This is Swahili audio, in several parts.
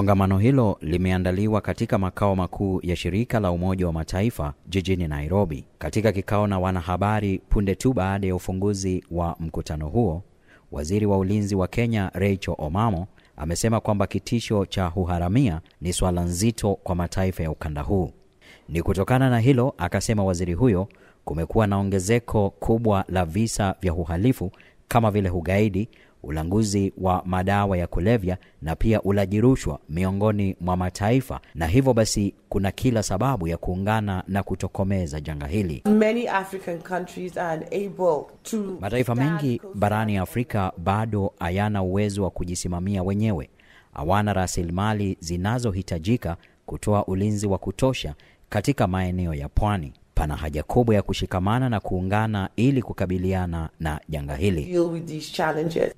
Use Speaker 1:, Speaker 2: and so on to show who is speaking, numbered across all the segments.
Speaker 1: Kongamano hilo limeandaliwa katika makao makuu ya shirika la Umoja wa Mataifa jijini Nairobi. Katika kikao na wanahabari punde tu baada ya ufunguzi wa mkutano huo, waziri wa ulinzi wa Kenya Rachel Omamo amesema kwamba kitisho cha uharamia ni swala nzito kwa mataifa ya ukanda huu. Ni kutokana na hilo, akasema waziri huyo, kumekuwa na ongezeko kubwa la visa vya uhalifu kama vile ugaidi, ulanguzi wa madawa ya kulevya na pia ulaji rushwa miongoni mwa mataifa, na hivyo basi kuna kila sababu ya kuungana na kutokomeza janga hili. Mataifa mengi barani Afrika bado hayana uwezo wa kujisimamia wenyewe, hawana rasilimali zinazohitajika kutoa ulinzi wa kutosha katika maeneo ya pwani pana haja kubwa ya kushikamana na kuungana ili kukabiliana na janga hili.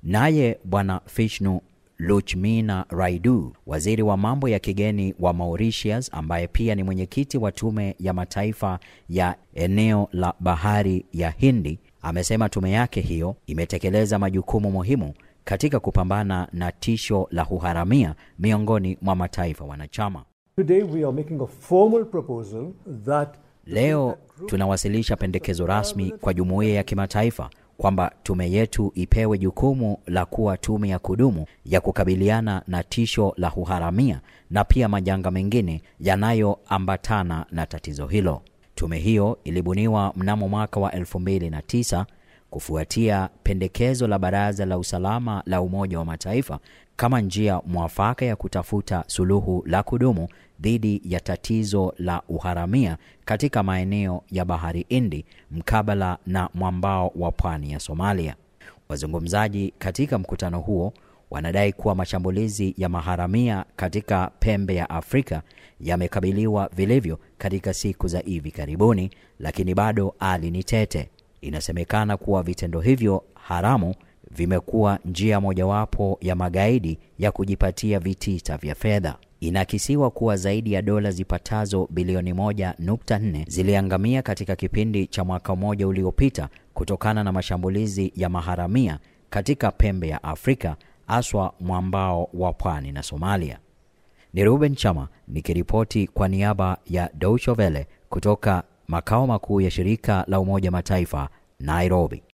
Speaker 1: Naye Bwana fishnu Luchmina Raidu, waziri wa mambo ya kigeni wa Mauritius, ambaye pia ni mwenyekiti wa tume ya mataifa ya eneo la bahari ya Hindi, amesema tume yake hiyo imetekeleza majukumu muhimu katika kupambana na tisho la uharamia miongoni mwa mataifa wanachama. Today we are making a formal proposal that Leo tunawasilisha pendekezo rasmi kwa jumuiya ya kimataifa kwamba tume yetu ipewe jukumu la kuwa tume ya kudumu ya kukabiliana na tisho la uharamia na pia majanga mengine yanayoambatana na tatizo hilo. Tume hiyo ilibuniwa mnamo mwaka wa 2009 kufuatia pendekezo la Baraza la Usalama la Umoja wa Mataifa kama njia mwafaka ya kutafuta suluhu la kudumu dhidi ya tatizo la uharamia katika maeneo ya Bahari Hindi mkabala na mwambao wa pwani ya Somalia. Wazungumzaji katika mkutano huo wanadai kuwa mashambulizi ya maharamia katika pembe ya Afrika yamekabiliwa vilivyo katika siku za hivi karibuni, lakini bado hali ni tete. Inasemekana kuwa vitendo hivyo haramu vimekuwa njia mojawapo ya magaidi ya kujipatia vitita vya fedha. Inakisiwa kuwa zaidi ya dola zipatazo bilioni 1.4 ziliangamia katika kipindi cha mwaka mmoja uliopita kutokana na mashambulizi ya maharamia katika pembe ya Afrika, haswa mwambao wa pwani na Somalia. Ni Ruben Chama nikiripoti kwa niaba ya Deutsche Welle kutoka makao makuu ya shirika la Umoja Mataifa Nairobi